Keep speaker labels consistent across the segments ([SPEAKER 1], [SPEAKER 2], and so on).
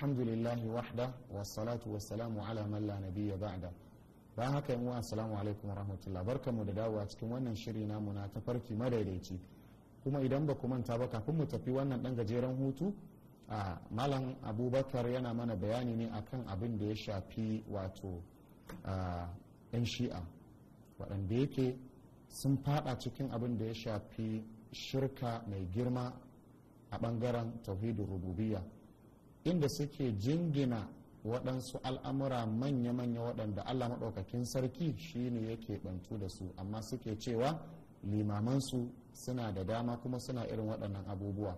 [SPEAKER 1] lillahi wahda wassalatu wassalamu ala man la ba haka yin wa assalamu alaikum wa rahmatullah barkanmu da dawowa cikin wannan shiri namu na tafarki madaidaici kuma idan ba ku manta ba kafin mu tafi wannan dan gajeren hutu a malam abubakar yana mana bayani ne akan abin da ya shafi wato yan shi'a waɗanda yake sun faɗa cikin abin da ya shafi shirka mai girma a ɓangaren tauhidin rububiyya inda suke jingina waɗansu al'amura manya-manya waɗanda allah maɗaukakin sarki shine yake ɓantu da su amma suke cewa limamansu suna da dama kuma suna irin waɗannan abubuwa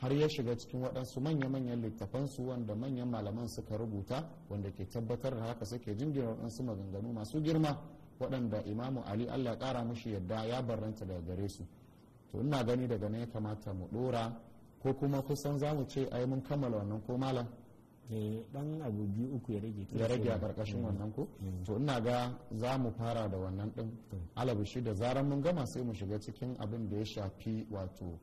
[SPEAKER 1] har ya shiga cikin waɗansu manya-manyan littafansu wanda manyan malaman suka rubuta wanda ke tabbatar da haka suke jingina waɗansu maganganu masu girma waɗanda imamu ali allah ƙara mushi yadda ya barranta daga gare su to ina gani daga nan ya kamata mu ɗora ko kuma kusan za mu ce ai mun kammala wannan ko malam dan
[SPEAKER 2] eh, abu biyu uku ya
[SPEAKER 1] rage ya rage a karkashin mm. wannan ko mm. to ina ga za mu fara da wannan din mm. shi da zaran mun gama sai mu shiga cikin abin da ya shafi wato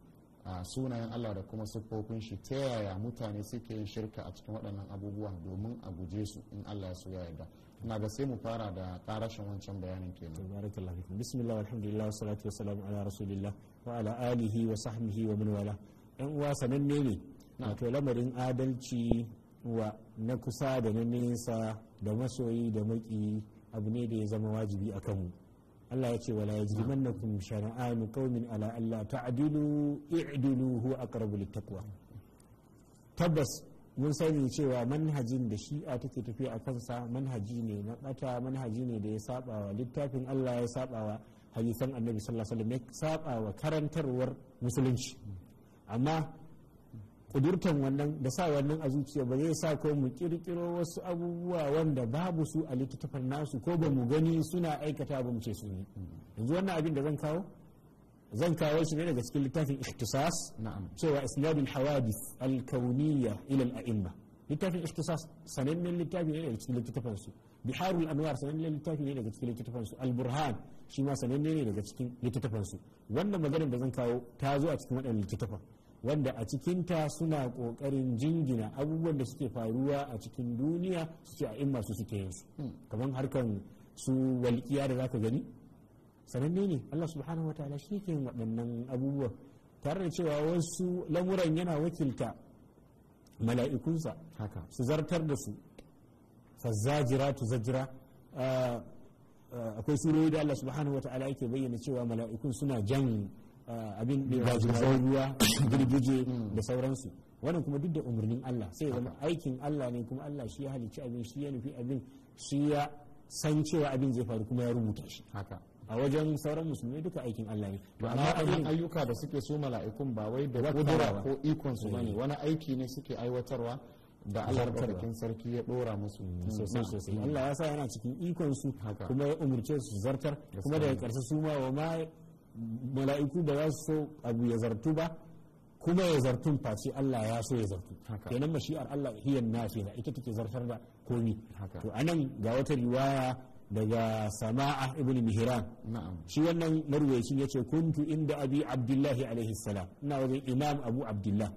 [SPEAKER 1] sunayen Allah da kuma siffofin shi ta yaya mutane suke yin shirka a cikin waɗannan abubuwa domin a guje su in Allah ya so ya yarda ina ga sai mu
[SPEAKER 2] fara da karashin wancan bayanin kenan barakallahu bismillah alhamdulillah wassalatu wassalamu ala rasulillah wa ala alihi wa sahbihi wa man wala yan uwa sananne ne wato lamarin adalci wa na kusa da na nesa da masoyi da maki abu ne da ya zama wajibi a kanmu Allah ya ce wa wala yajrimannakum shara'anu qaumin ala alla ta'dilu i'dilu huwa aqrabu littaqwa tabbas mun sani cewa manhajin da shi'a take tafi a kansa manhaji ne na bata manhaji ne da ya saba wa littafin Allah ya saba wa hadisan annabi sallallahu alaihi wasallam ya saba wa karantarwar musulunci mm. amma kudurtan wannan da sa wannan a zuciya ba zai sa ko mu kirkiro wasu abubuwa wanda babu su a littattafan nasu ko ba mu gani suna aikata ba mu ce su ne yanzu wannan abin da zan kawo zan kawo shi ne daga cikin littafin ikhtisas cewa isnadul hawadith al-kawniyya ila al-a'imma littafin ikhtisas sanannen littafi ne daga cikin littattafan su biharul anwar sanannen littafi ne daga cikin littattafan su al-burhan shi ma sananne ne daga cikin littattafansu wannan maganar da zan kawo ta zo a cikin waɗannan littattafan wanda a cikinta suna ƙoƙarin jingina abubuwan da suke faruwa a cikin duniya su ce a in masu suke yin su hmm. kamar harkan su walƙiya da zaka gani sananne ne Allah subhanahu wataala shi ke waɗannan abubuwa tare da cewa wasu lamuran yana wakilta mala'ikunsa haka su zartar da su fazzajira tu zajira ah, Eh, akwai surori da Allah subhanahu wata'ala yake bayyana cewa mala'ikun suna jan eh, abin da ruwa girgije da sauransu wannan kuma duk da umarnin Allah sai zama aikin Allah ne kuma Allah shi ya halicci abin shi ya nufi abin shi ya san cewa abin zai faru kuma ya rubuta shi haka a wajen sauran musulmi duka aikin Allah ne amma abin ayyuka da suke so mala'ikun ba wai da kudura ko ikon su bane wani aiki ne suke aiwatarwa da Allah kan sarki
[SPEAKER 1] ya dora musu mm-hmm. sosai sosai Allah ya
[SPEAKER 2] sa yana cikin ikon su kuma ya umurce su zartar kuma daga karshe su ma wa ma mala'iku ba za su so abu ya zartu ba kuma ya zartun face Allah ya so ya zartu kenan mashi'ar Allah hiya nafi da ita take zartar da komi to anan ga wata riwaya daga sama'a ibn mihran shi wannan marwayacin yace kuntu inda abi abdullahi alaihi salam ina wajen imam abu abdullah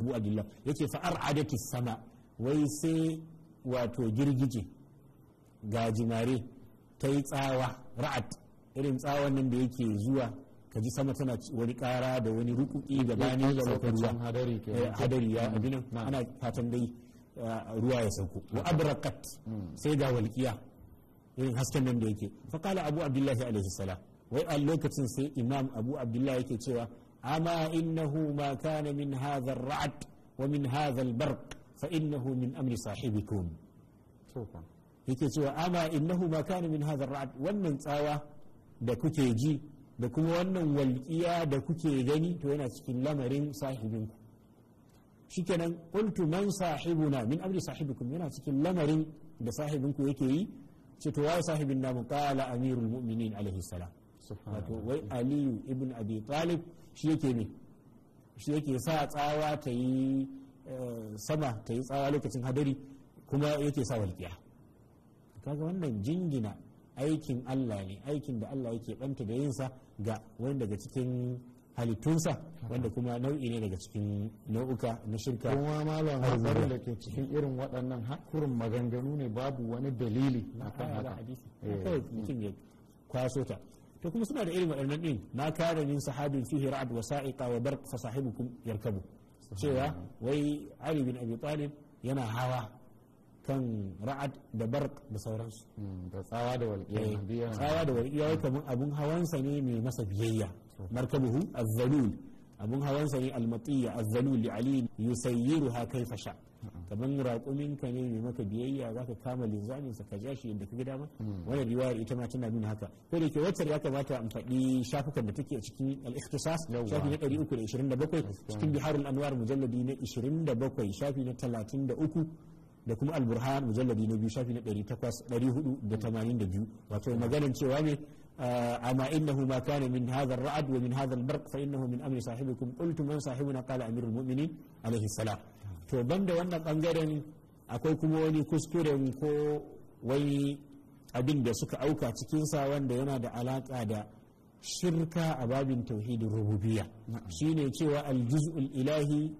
[SPEAKER 2] abu abdullah yake fa ar'adati sama wai sai wato girgije gajimare ta yi tsawa ra'at irin tsawon nan da yake zuwa ka ji sama tana wani kara da wani rukuki da bani da ruwa eh, hadari ya abinan ana fatan dai eh, ruwa ya sauko wa abrakat hmm. sai ga walƙiya irin hasken nan da yake fa qala abu abdullahi alaihi salam wai a lokacin sai imam abu abdullahi yake cewa أما إنه ما كان من هذا الرعد ومن هذا البرق فإنه من أمر صاحبكم سلطان yake cewa ama innahu ma kana min hadha ra'd wannan tsawa da kuke ji da kuma wannan walƙiya da kuke gani to yana cikin lamarin sahibinku shikenan qultu man sahibuna min amri sahibikum yana cikin lamarin da sahibinku yake yi ce to wai sahibin namu qala amirul mu'minin alaihi salam wato wai aliyu ibn abi talib shi yake ne shi yake sa tsawa ta yi eh, sama ta yi tsawa lokacin hadari kuma yake sa walƙiya kaga wannan jingina aikin Allah ne aikin da Allah yake banta da yinsa ga wani daga cikin halittunsa wanda kuma nau'i ne daga cikin nau'uka na shirka kuma malam hazari da
[SPEAKER 1] ke cikin irin waɗannan hakurin maganganu ne babu wani dalili na kan haka eh. mutum
[SPEAKER 2] ya kwaso ta to kuma suna da irin waɗannan din na kare min sahabin fihi ra'ad wa sa'iqa wa barq fa sahibukum yarkabu cewa wai ali bin abi talib yana hawa kan ra'ad da bark da sauransu
[SPEAKER 3] hmm, da tsawa da walƙiya eh, tsawa da wai
[SPEAKER 2] kamar abun hawansa ne mai masa biyayya markabuhu azzalul abun hawansa ne almatiyya azzalul li ali yusayyiruha kaifa sha' kamar raƙumin ka ne mai maka biyayya zaka kama linzamin sa ka jashi yadda kaga dama hmm. wani riwayar ita ma tana nuna haka ko da ke wacce ya kamata in faɗi shafukan da take cikin al-ikhtisas shafi na 327 cikin biharul anwar mujalladi na 27 shafi na 33 da kuma al-burhan mujalladi na biyu shafi na 482 wato maganin cewa ne أما إنه ما كان من هذا الرعد ومن هذا البرق فإنه من أمر صاحبكم قلت من صاحبنا قال أمير المؤمنين عليه السلام to banda wannan bangaren akwai kuma wani kuskuren ko wani abin da suka auka cikinsa wanda yana da alaƙa da shirka a babin tauhidin rububiya shine cewa aljuz'ul ilahi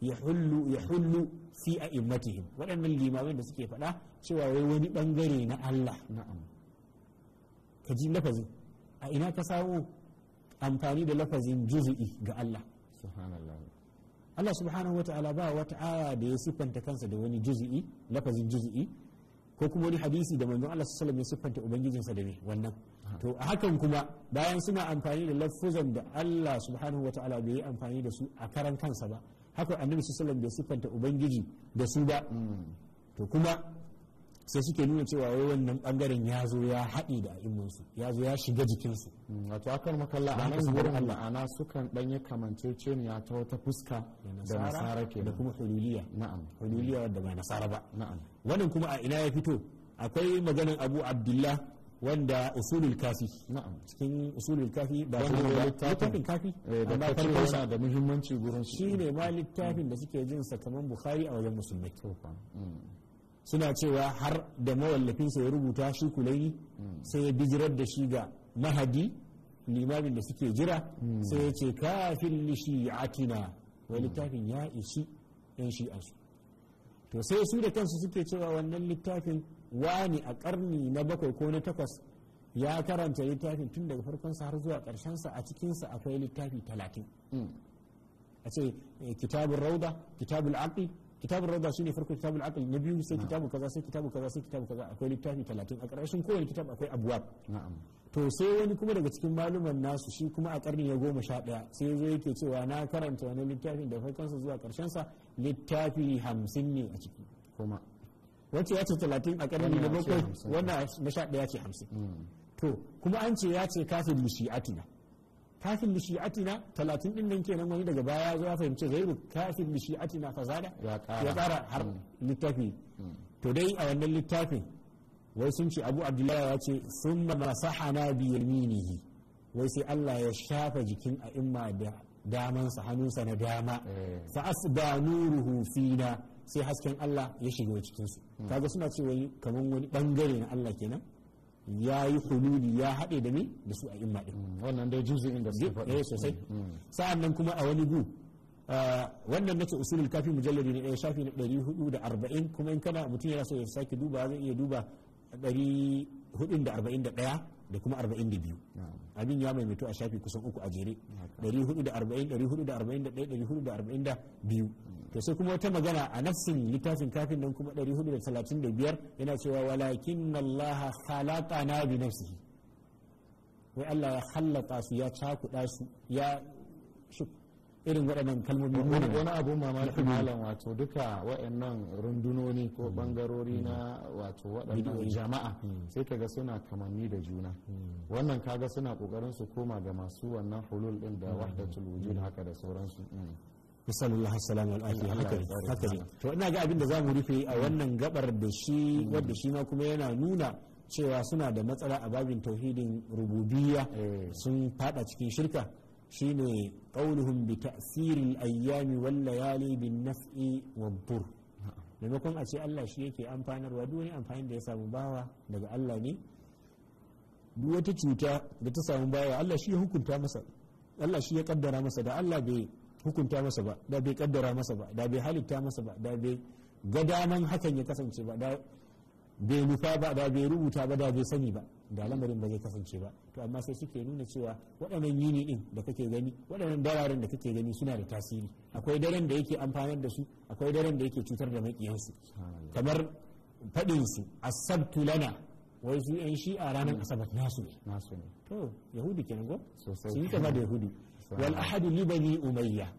[SPEAKER 2] ya hullu fi a immatihim waɗannan limamin da suke faɗa cewa wai wani bangare na Allah ka ji lafazin a ina ka samu amfani da lafazin juzu'i ga Allah Allah subhanahu wata'ala ba wata aya da ya siffanta kansa da wani juz'i lafazin juz'i ko kuma wani hadisi da manzon Allah sallallahu ya siffanta ubangijinsa da ne wannan to a hakan kuma bayan suna amfani da lafuzan da Allah subhanahu wata'ala bai yi amfani da su a karan kansa ba haka annabi sallallahu bai siffanta ubangiji da su ba mm. to kuma sai suke nuna cewa wai wannan bangaren ya zo ya haɗe da al'ummansu ya zo ya shiga jikinsu hmm, wato kan makalla a nan wurin la'ana sukan ɗanye kamanceceniya ta wata fuska
[SPEAKER 1] da nasara
[SPEAKER 2] ke da kuma hululiya na'am hululiya wadda ba nasara ba na'am wannan kuma a ina ya fito akwai maganin abu abdullah wanda usulul kafi na'am cikin usulul kafi ba shi ne littafin kafi ba eh, farko sa da muhimmanci gurin shi ne ma hmm. littafin da suke jin sa kaman bukhari a wajen musulmai suna cewa har da mawallafinsa ya rubuta shi kulaini sai ya bijirar da shi ga mahadi limamin da suke jira sai ya ce kafin atina wani littafin ya ishi yan su to sai su da kansu suke cewa wannan littafin wani a karni na bakwai ko na takwas ya karanta littafin tun daga farkonsa har zuwa sa a cikinsa akwai littafi talatin mm. a ce eh, kitabun rauda kitabul aqi kitabun rauda shine farko kitabun akal na biyu sai kitabu kaza sai kitabu kaza sai kitabu kaza akwai littafi 30 a ƙarshen kowane kitab akwai abwab to sai wani kuma daga cikin maluman nasu shi kuma a karni ya goma sha ɗaya sai zai zo yake cewa na karanta wani littafin da farkonsa zuwa ƙarshensa littafi hamsin ne a ciki kuma wacce wacce talatin a karni na bakwai wannan na sha ɗaya ce hamsin hmm. to kuma an ce ya ce kafin atina. kafin bi shi'atina talatin din nan kenan wani daga baya zo ya fahimci zairu kafin bi shi'atina zada ya kara har hmm. littafi hmm. to dai a wannan littafin wai sun ce abu abdullahi ya ce summa masahana bi yaminihi wai sai Allah ya shafa jikin a imma da damansa hannunsa na dama eh. fa nuru nuruhu fina sai hasken Allah ya shiga cikinsu. su hmm. kaga suna ce wani kaman wani bangare na Allah kenan ya yi hululi ya haɗe da me da su a imma ɗin mm, wannan dai juz'in inda su faɗe eh, sosai mm, mm. sa'an nan kuma a wani gu ah, wannan nace usulul kafi mujalladi ne ɗaya shafi na ɗari hudu da arba'in kuma in kana mutum yana so ya sake duba zai iya duba ɗari hudun da arba'in da ɗaya da kuma 42 abin ya maimaito a shafi kusan uku a jere 440 to sai kuma wata magana a nafsin littafin kafin nan kuma 435 yana cewa walakin Allah khalaqa na bi nafsihi wai Allah ya hallaka su ya cakuda su ya irin waɗannan kalmomi wani abu mamaki malam
[SPEAKER 1] wato duka wa'annan rundunoni ko bangarori na wato waɗannan jama'a hmm. sai kaga suna kamanni da juna hmm. wannan kaga suna kokarin su koma ga masu wannan hulul din da hmm. wahdatul wujud haka da sauransu
[SPEAKER 2] musallallahu salamu alaihi haka haka to ina ga abin da zamu rufe a wannan gabar da shi wanda shi ma kuma yana nuna cewa suna da matsala a babin tauhidin rububiyya eh. sun fada cikin shirka shine قولهم بتأثير الأيام والليالي بالنفع والضر maimakon a ce Allah shi yake amfanarwa duk wani amfanin da ya samu bawa daga Allah ne duk wata cuta da ta samu bawa Allah shi ya hukunta masa Allah shi ya kaddara masa da Allah bai hukunta masa ba da bai kaddara masa ba da bai halitta masa ba da bai ga daman hakan ya kasance ba da bai nufa ba da bai rubuta ba da bai sani ba da lamarin ba zai kasance ba to amma sai suke nuna cewa waɗannan yini din da kake gani waɗannan dararen da kake gani suna da tasiri akwai daren da yake amfanar da su akwai daren da yake cutar da maƙiyansu kamar faɗin su asabtu lana wai su yan shi'a ranar asabar nasu ne nasu ne to yahudi kenan ko sosai yi kama da yahudi wal ahadu libani umayya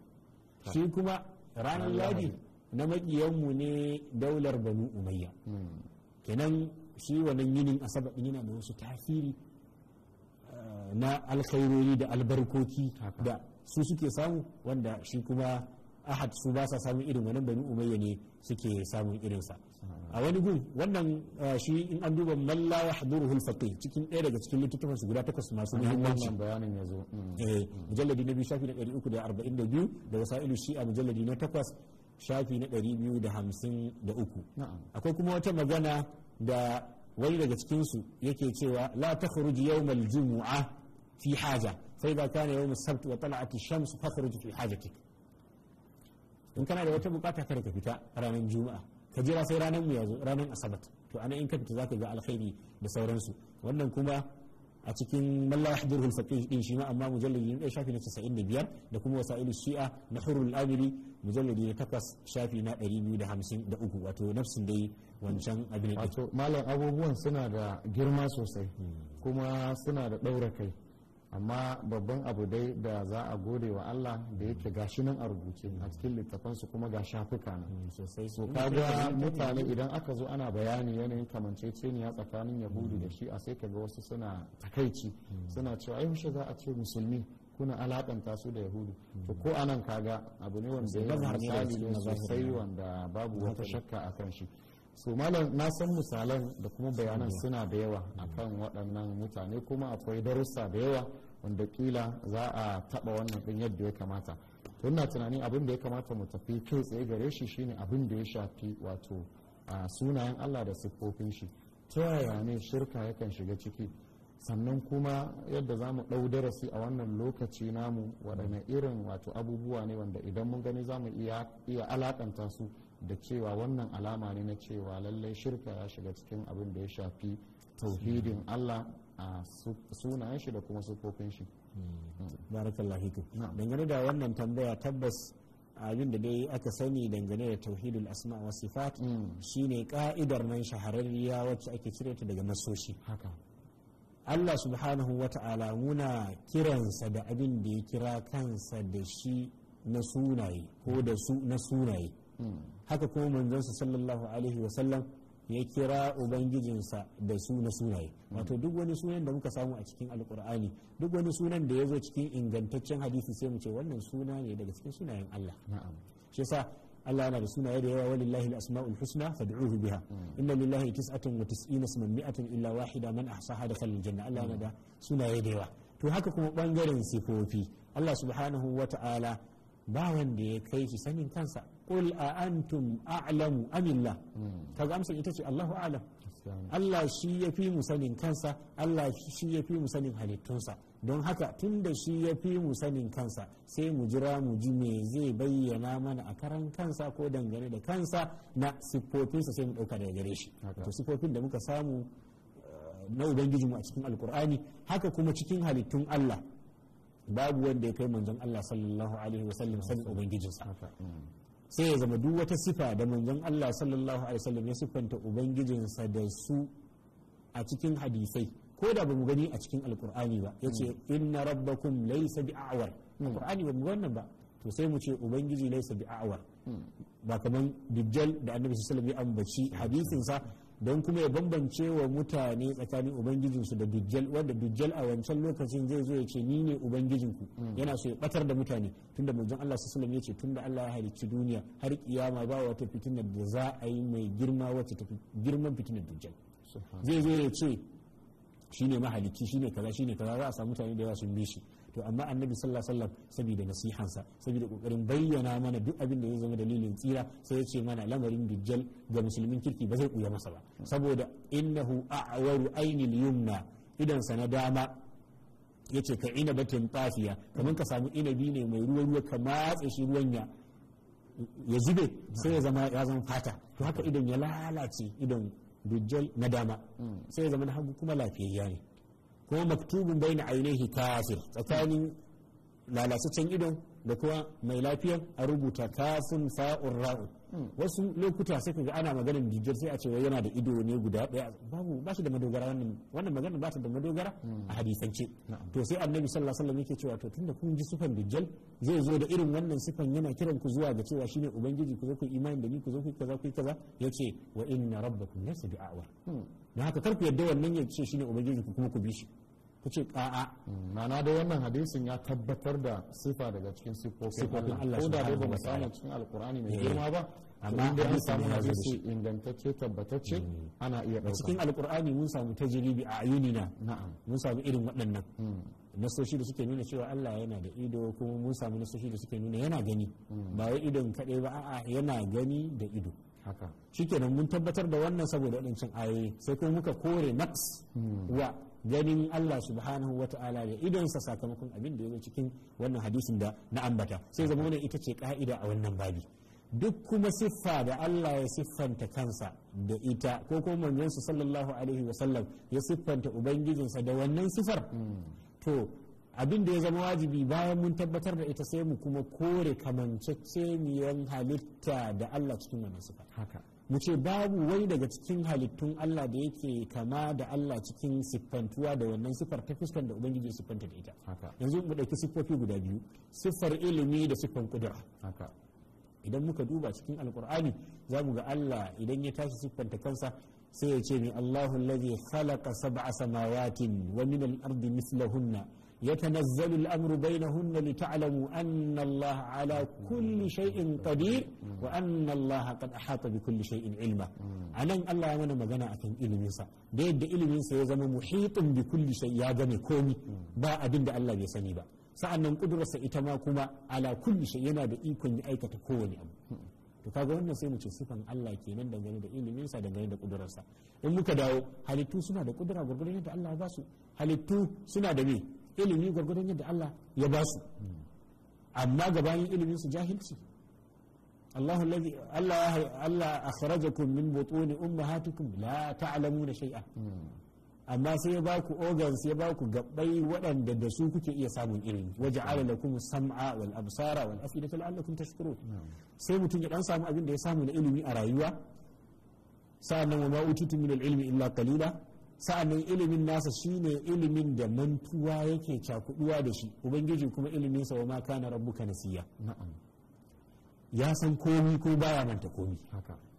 [SPEAKER 2] shi kuma ranar ladi na maƙiyanmu ne daular bani umayya hmm. kenan shi wannan yinin asabar din yana da wasu tasiri eh, na alkhairori da albarkoki da su suke samu wanda shi kuma ahad su ba sa samun irin wannan bani umayya ne suke samun irinsa a wani gun wannan eh, shi in an duba man la yahduruhu al cikin ɗaya daga cikin littattafan su guda takwas masu muhimmanci
[SPEAKER 1] bayanin yazo mm. eh
[SPEAKER 2] mujalladi na biyu shafi na 342 da wasailu shi a mujalladi na takwas shafi na 253 akwai kuma wata magana da wani daga cikinsu yake cewa la ta khuruji yawmal jumu'a fi haja sai ba kana yawmal sabt wa tala'ati shams su khuruji fi hajatik in kana da wata bukata kada ka fita ranar juma'a ka jira sai ranar mu yazo ranar asabat to ana in ka fita ka ga alkhairi da sauransu wannan kuma a cikin malla yahdurul faqih din shi ma amma mujalladi na shafi na 95 da kuma wasailu shi'a na hurul amiri mujalladi na takwas shafi na uku wato nafsin dai wancan abin wato malam abubuwan suna da
[SPEAKER 1] girma sosai hmm. kuma suna da ɗaura kai amma babban abu dai da za a gode wa Allah da yake shi nan a rubuce a cikin su kuma ga shafuka nan mm, so ga mutane idan aka zo ana bayani yanayin kamanceceniya tsakanin yahudu da mm. shi a sai kaga wasu suna takaici mm. suna cewa ai za a ce musulmi kuna alakanta su da yahudu to ko anan kaga abu ne wanda ya misali ne sosai wanda babu wata shakka akan shi so malam na san misalan da kuma bayanan suna da yawa hmm. akan waɗannan mutane kuma akwai darussa da yawa wanda kila za a taɓa wannan ɗin yadda ya kamata tunna tunani tunanin abin da ya kamata mu tafi kai tsaye gare shi shine abin da ya shafi wato a sunayen Allah da siffofin shi ta yaya ne shirka yakan shiga ciki sannan kuma yadda za mu ɗau darasi a wannan lokaci namu waɗanne hmm. irin wato abubuwa ne wanda idan mun gani za mu iya alaƙanta su da cewa wannan alama ne na cewa lallai shirka ya shiga cikin abin da ya shafi tauhidin
[SPEAKER 2] Allah a sunayen shi da kuma sufofin shi hmm. dangane da wannan tambaya tabbas abin da dai aka sani dangane da tauhidul asma wa sifat hmm. shine ka'idar nan shahararriya wacce ake cire ta daga nasoshi haka Allah subhanahu wa ta'ala muna kiransa da abin da ya kira kansa da shi na sunaye ko da su na sunaye haka kuma manzansa sallallahu alaihi wasallam ya kira ubangijinsa da suna sunaye wato duk wani sunan da muka samu a cikin alkur'ani duk wani sunan da ya zo cikin ingantaccen hadisi sai mu ce wannan suna ne daga cikin sunayen Allah shi yasa Allah yana da sunaye da yawa walillahi al-asma'ul husna fad'uhu biha mm. inna lillahi tis'atun wa tis'ina isman mi'atun illa wahida man ahsaha da khalil janna Allah yana da sunaye da yawa to haka kuma bangaren sifofi Allah subhanahu wa ta'ala ba wanda ya kai shi sanin kansa qul a antum a'lamu amillah kaga amsar ita ce Allahu a'lam Allah shi ya fi mu sanin kansa Allah shi ya fi mu sanin halittunsa don haka tun da shi ya fi mu sanin kansa sai mu jira mu ji me zai bayyana mana a karan kansa ko dangane da kansa na siffofinsa sai mu ɗauka daga gare shi to siffofin da muka samu eh, na ubangiji mu a cikin alkur'ani haka kuma cikin halittun Allah babu wanda ya kai manzon Allah sallallahu alaihi wasallam sanin ubangijinsa hmm. sai ya zama duk wata sifa da manzon Allah sallallahu alaihi wasallam ya siffanta ubangijinsa da su a cikin hadisai ko da bamu gani a cikin alkur'ani ba yace hmm. inna rabbakum laysa bi'awar hmm. alkur'ani ba mu wannan ba to sai mu ce ubangiji laysa bi'awar hmm. ba kaman dijjal da annabi sallallahu alaihi wasallam ya ambaci hadisin sa don kuma ya bambance wa mutane tsakanin ubangijinsu da dujjal wanda dujjal a wancan lokacin zai zo ya ce ni ne ubangijinku mm. yana so ya batar da mutane tunda manzon Allah sallallahu ya ce tunda Allah ya halicci duniya har kiyama ba wata fitina da za a yi mai girma wacce ta girman fitinar dujjal zai zo ya ce shine mahalicci shine kaza shine kaza za a samu mutane da yawa sun bi shi to amma annabi sallallahu alaihi wasallam saboda nasihansa saboda kokarin bayyana mana duk abin da zai zama dalilin tsira sai ya ce mana lamarin dijjal ga musulmin kirki ba zai kuya masa ba saboda innahu a'waru ainil yumna idan sa na dama yace ka inabatin tafiya kaman ka samu inabi ne mai ruwa ruwa ka matse shi ruwan ya ya zube sai ya zama ya zama fata to haka idan ya lalace idan dijjal na dama mm. sai ya zama na hagu kuma lafiyayya ne kuma maktubun bai na ainihi kafir tsakanin lalasaccen idon da kuma mai lafiyan a rubuta kafin sa'un ra'un wasu lokuta sai ga ana maganin jijjir sai a ce yana da ido ne guda daya babu ba shi da madogara wannan wannan magana ba ta da madogara a hadisance to sai annabi sallallahu alaihi wasallam yake cewa to tunda kun ji sufan dijjal zai zo da irin wannan sufan yana kiran ku zuwa ga cewa shine ubangiji ku zo ku imani da ni ku zo ku kaza ku kaza yace wa inna rabbakum laysa bi'awar hmm. don haka karku yadda wannan ya ce shine ubangiji ku kuma ku bi shi ta ce a'a mm, ma'ana da wannan hadisin ya tabbatar da
[SPEAKER 1] sifa daga cikin sifofin Allah ko da dai ba mu samu cikin alkur'ani mai eh, girma ba amma da an samu hadisi
[SPEAKER 2] ingantacce tabbatacce mm. ana iya ɗauka cikin alkur'ani mun samu tajribi a ayyunina. na'am mun samu irin waɗannan mm. nasoshi da suke nuna cewa Allah yana da ido kuma mun samu nasoshi da suke nuna yana gani ba wai idon kaɗai ba a'a yana gani da ido haka shikenan mun tabbatar da wannan saboda waɗancan ayoyi sai kuma muka kore naqs wa ganin Allah subhanahu wa ta'ala da idonsa sakamakon abin da ya zo cikin wannan hadisin da na ambata sai zama wannan ita ce ka'ida a wannan babi duk kuma siffa da Allah ya siffanta kansa da ita ko kuma manzansa sallallahu alaihi wa sallam ya siffanta ubangijinsa da wannan sifar to abin da ya zama wajibi bayan mun tabbatar da ita sai mu kuma kore miyan halitta da Allah cikin wannan sifar haka mu ce babu wai daga cikin halittun Allah da yake kama da Allah cikin siffantuwa da wannan siffar ta fuskan da ubangiji ya siffanta da ita yanzu mu ɗauki siffofi guda biyu siffar ilimi da siffan kudura idan muka duba cikin alkur'ani za mu ga Allah idan ya tashi siffanta kansa sai ya ce mai Allahu lazi khalaqa sab'a samawatin wa min al-ardi mislahunna يتنزل الأمر بينهن لتعلموا أن الله على كل شيء قدير وأن الله قد أحاط بكل شيء علما أنا الله من مغنى أكن إلمينسا بيد إلمينسا يزم محيط بكل شيء يا جمي كومي با أدن دا الله يسنيبا sa'annan kudura sa ita ma kuma ala kulli yana da ikon da aikata kowane abu to kaga wannan sai mu ce sifan Allah kenan dangane da ilimin dangane da kudurar sa in muka dawo halittu suna da kudura gurgurin da Allah ya su halittu suna da me ilimi gwargwadon yadda Allah ya ba su amma gabanin ilimin su jahilci Allah Allah akhrajakum min butuni ummahatikum la ta'lamuna shay'a amma sai ya baku organs ya baku gabbai waɗanda da su kuke iya samun ilimi waje lakum sam'a wal absara wal afidata la'allakum tashkurun sai mutum ya dan samu abin da ya samu na ilimi a rayuwa sa'annan wa ma utitu min al ilmi illa qalila sa'annan ilimin nasa shine ilimin da mantuwa yake cakuduwa da shi ubangiji kuma ilimin sa ma kana rabbuka nasiya na'am ya san komi ko baya manta komi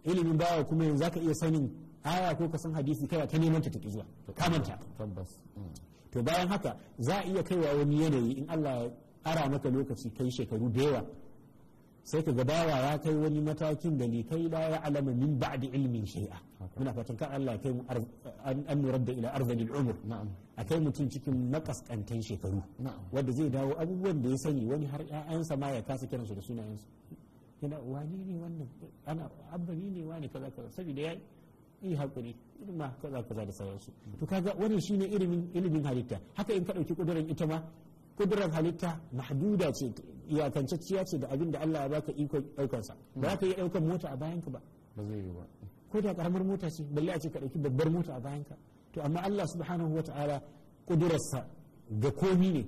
[SPEAKER 2] ilimin baya kuma yanzu zaka iya sanin aya ko ka san hadisi kai ka neman ta tafi zuwa ka manta tabbas mm. to bayan haka za a iya kaiwa wani yanayi in Allah ya ara maka lokaci kai shekaru da yawa sai ka dawa ya kai wani matakin da ni kai la ya alama min ba'di ilmin shay'a muna fatan kan Allah kai mu an da ila arzalil umur na'am akai mutum cikin makaskantan shekaru wanda zai dawo abubuwan da ya sani wani har ƴaƴansa ma ya kasa kiransu da sunayensu yana wani ne wannan ana abbani ne wani kaza kaza saboda ya yi hakuri irin ma kaza kaza da sauransu mm. to kaga wannan shine ilimin ilimin halitta haka in ka dauki kudurin ita ma kudurar halitta mahduda ce iyakancacciya ce da abin da Allah ya baka ikon ɗaukansa ba ka iya ɗaukan mota a bayan ka ba ba zai yi ba ko da karamar mota ce balle a ce ka dauki babbar mota a bayan ka. to amma Allah subhanahu wa kudurarsa ga komi ne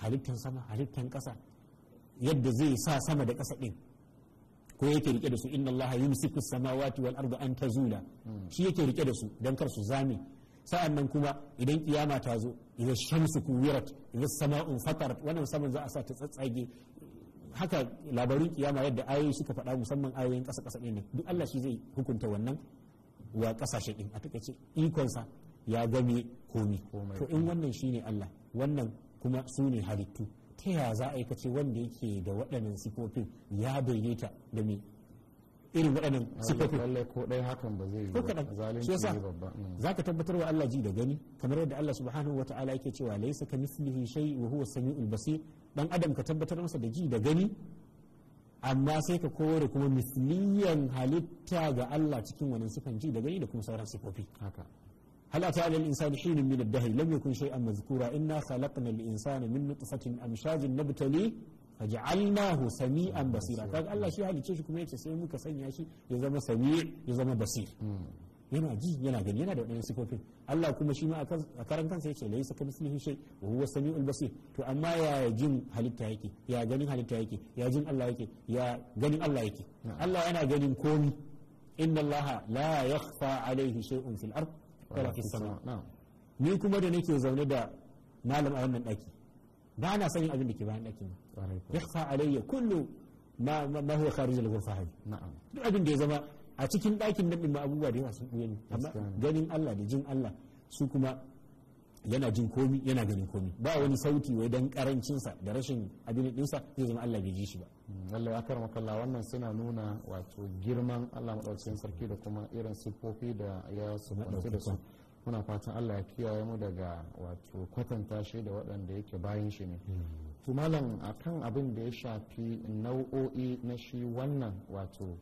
[SPEAKER 2] halittan sama halittan ƙasa yadda zai sa sama da kasa ɗin ko yake rike da su inna Allah yumsiku samawati wal arda an tazula hmm. shi yake rike da su dan kar su zame sa'an nan kuma idan kiyama ta zo idan shamsu kuwirat idan sama'un fatarat wannan saman za a sa ta tsatsage haka labarin kiyama yadda ayoyi suka faɗa musamman ayoyin ƙasa ƙasa ɗin ne. duk Allah shi zai hukunta wannan wa ƙasashe ɗin a ce. ikonsa ya game komi to in wannan shi ne Allah wannan kuma su ne halittu ta yaya za a yi kace wanda yake da waɗannan sifofin ya daidaita da mai
[SPEAKER 3] irin waɗannan sifofi lallai
[SPEAKER 2] ko ɗaya hakan ba zai ko kadan zalunci ne babba mm. ka tabbatar wa Allah ji da gani kamar yadda Allah subhanahu wataala yake cewa laysa kamithlihi shay wa huwa samiul basir dan adam ka tabbatar masa da ji da gani amma sai ka kore kuma misliyan halitta ga Allah cikin wani sifan ji da gani da kuma sauran sifofi haka هل أتى على الإنسان حين من الدهر لم يكن شيئا مذكورا إنا خلقنا الإنسان من نطفة أمشاج نبتليه faj'alnahu sami'an basira kaga Allah shi halice shi kuma yace sai muka sanya shi ya zama sami' ya zama basir hmm. yana ji yana gani yana da wadannan sifofin Allah kuma shi ma a karan kansa yace laysa kamithlihi shay wa huwa sami'ul basir to amma ya jin halitta yake ya ganin halitta yake ya jin Allah yake ya ganin Allah yake hmm. Allah yana ganin komi inna Allah la yakhfa alayhi shay'un fil ard wala fis sama ni kuma da nake zaune da malam a wannan daki ba na san yin abin da ke bayan ɗakin fa alayya kullu ma ma huwa kharij al-ghurfa hadi na'am duk abin da ya zama a cikin ɗakin nan din ma abubuwa da yawa sun buye ne amma ganin Allah da jin Allah su kuma yana jin komi yana ganin komi ba wani sauti wai dan karancinsa da rashin abin dinsa zai zama Allah bai ji shi ba Allah ya karama kallawa wannan suna nuna wato girman
[SPEAKER 1] Allah madaukakin sarki da kuma irin sifofi da ya su da su muna fatan allah ya kiyaye mu daga wato kwatanta shi da waɗanda yake bayan shi ne hmm. tumalan akan abin da ya shafi nau'o'i na shi wannan wato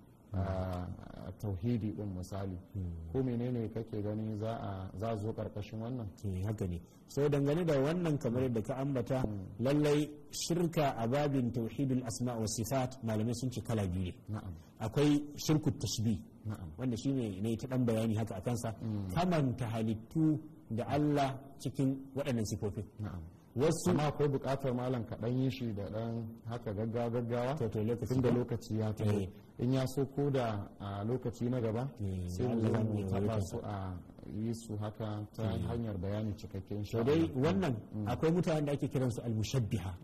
[SPEAKER 1] tauhidi din misali hmm. ko menene kake gani za a za zo karkashin
[SPEAKER 2] wannan ke eh, haka ne so dangane da wannan kamar yadda ka ambata hmm. lallai shirka a babin tauhidul asma wa sifat malamai sun ci kala biyu ne akwai shirku na'am wanda shine ne ta dan bayani haka a kansa hmm. ta halittu da Allah cikin waɗannan sifofin wasu ma akwai bukatar malam kaɗan yi shi
[SPEAKER 1] da dan haka gaggawa gaggawa lokaci da lokaci ya ta in ya so ko da a lokaci na gaba eh, sai mu zo mu taba su a yi su haka ta eh.
[SPEAKER 2] hanyar bayani cikakken shi dai wannan mm. akwai mutanen da ake kiran su almushabbiha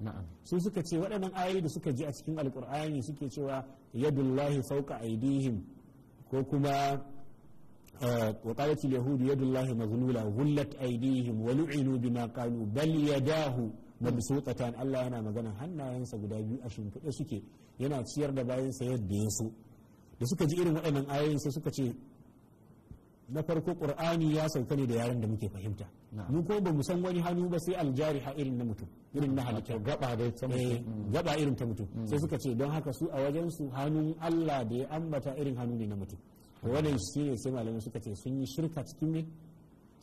[SPEAKER 2] su suka ce waɗannan ayoyi da suka ji a cikin alkur'ani suke cewa yadullahi fawqa aidihim ko kuma وقالت اليهود yadullahi mazlula. مغلولة aidihim أيديهم ولعنوا بما قالوا بل يداه na bisotatan Allah yana magana hannayensa guda biyu a shimfiɗe suke yana ciyar da bayansa yadda ya so da suka ji irin waɗannan ayoyin sai suka ce na farko ƙur'ani ya sauka ne da yaren da muke fahimta mu ko ba mu san wani hannu ba sai aljari ha irin na mutum irin na gaba da eh, gaba irin ta mutum mm. sai suka ce don haka su a wajen su hannun Allah da ya ambata irin hannu ne na mutum wannan shine sai malamai suka ce sun yi shirka cikin ne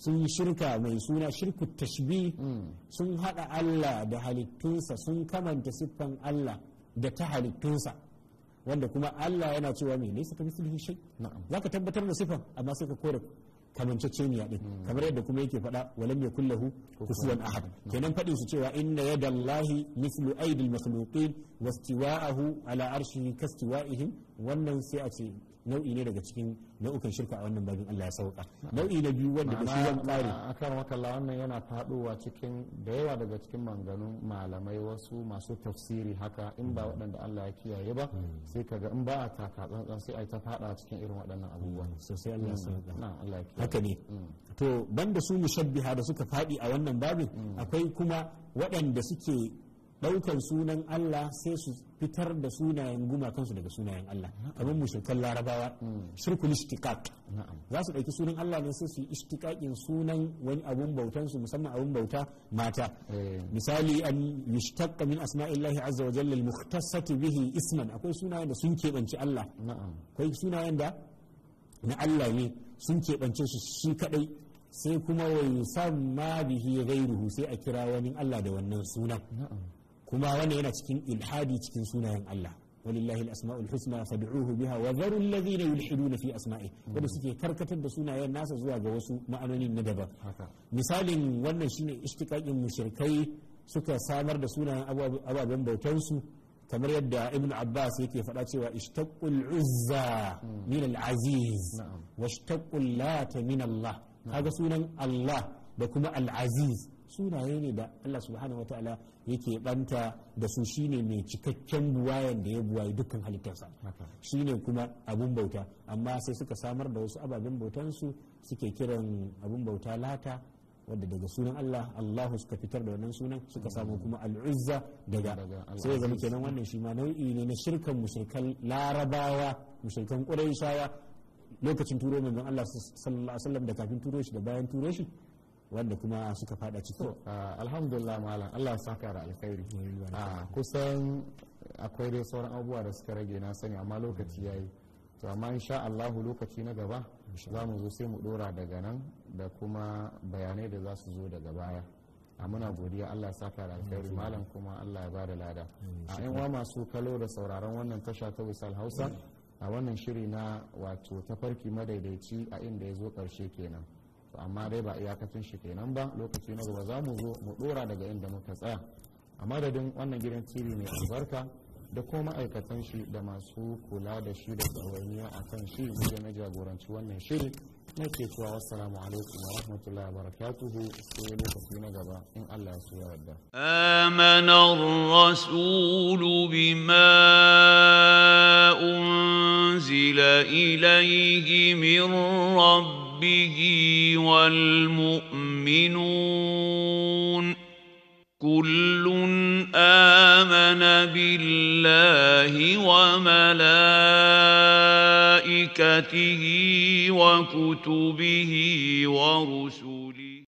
[SPEAKER 2] sun yi shirka mai suna shirku tashbi mm. sun haɗa Allah da halittunsa sun kamanta siffan Allah da ta halittunsa wanda kuma Allah yana cewa mai nesa ka misali shai za ka tabbatar da siffan amma sai ka kore kamanceceniya din mm. kamar yadda kuma yake faɗa walam ya lahu kusuwan ahad kenan faɗin su cewa inna yadallahi mislu aidil makhluqin wastiwa'ahu ala arshihi kastiwa'ihim wannan sai a ce nau'i ne daga cikin nau'ukan shirka a wannan babin Allah ya sauka nau'i na biyu wanda ba shi yan kare
[SPEAKER 1] akan wakalla wannan yana faduwa cikin da yawa daga cikin manganun malamai wasu masu tafsiri haka in ba hmm. waɗanda Allah ya kiyaye ba hmm. sai kaga in ba a taka tsantsan sai a ta fada
[SPEAKER 2] cikin irin waɗannan abubuwa hmm. sosai Allah ya sauka haka ne to banda su mushabbiha da suka fadi a wannan babin akwai kuma waɗanda suke Daukan sunan Allah sai su fitar da sunayen gumakansu daga sunayen Allah kamar mushrikan larabawa hmm. shirkul istiqaq za su ɗauki sunan Allah ne sai su yi sunan wani abun bautan su musamman abun bauta mata eh. misali an yushtaqqa min asma'illahi azza wa jalla al-mukhtassati bihi isman akwai sunayen da sun kebanci Allah akwai sunayen da na Allah ne sun keɓance su shi kadai sai kuma wai san ma bihi ghayruhu sai a kira wani Allah da wannan sunan kuma wannan yana cikin ilhadi cikin sunayen Allah walillahi al-asma'ul husna fad'uhu biha wa dharu alladhina yulhiduna fi asma'i wanda suke karkatar da sunayen nasa zuwa ga wasu ma'anonin na daban misalin wannan shine ishtiqaqin mushrikai suka samar da sunayen ababen bautansu kamar yadda ibn abbas yake faɗa cewa ishtaqul uzza min al-aziz wa ishtaqul lat min allah kaga sunan allah da kuma al-aziz sunaye ne da Allah subhanahu taala yake banta da su shine mai cikakken buwayan da ya buwaye dukkan halittarsa shine kuma abun bauta amma sai suka samar da wasu ababen bautansu suke kiran abun bauta lata wadda daga sunan Allah Allahu suka fitar da wannan sunan suka samu kuma al'izza daga
[SPEAKER 3] sai zama kenan wannan
[SPEAKER 2] shi ma nau'i ne na shirkan musulkan larabawa musulkan quraishawa lokacin turo manzon Allah sallallahu alaihi wasallam da kafin turo shi da bayan turo shi wanda kuma suka fada ciki ah, alhamdulillah malam Allah ya saka da alkhairi ah,
[SPEAKER 1] kusan akwai dai sauran abubuwa da suka rage na sani amma lokaci yayi to amma insha Allah lokaci na gaba za mu zo sai mu dora daga nan da kuma bayanai da za su zo daga baya a muna godiya Allah ya saka da alkhairi malam kuma Allah ya ba da lada
[SPEAKER 3] a ah, yan
[SPEAKER 1] wa masu kalo da sauraron wannan tasha ta wisal Hausa mm. a wannan shiri na wato tafarki madaidaici a inda ya zo karshe kenan to amma dai ba iyakacin shi kenan ba lokaci na gaba za mu zo mu dora daga inda muka tsaya a madadin wannan gidan tv mai albarka da kuma ma'aikatan shi da masu kula da shi da tsawaniya a kan shi da na jagoranci wannan shiri na ke cewa wassalamu alaikum wa rahmatullahi wa barakatuhu sai lokaci na gaba in Allah su yarda amana rasulu bima unzila ilayhi min rabb به والمؤمنون كل آمن بالله وملائكته وكتبه ورسله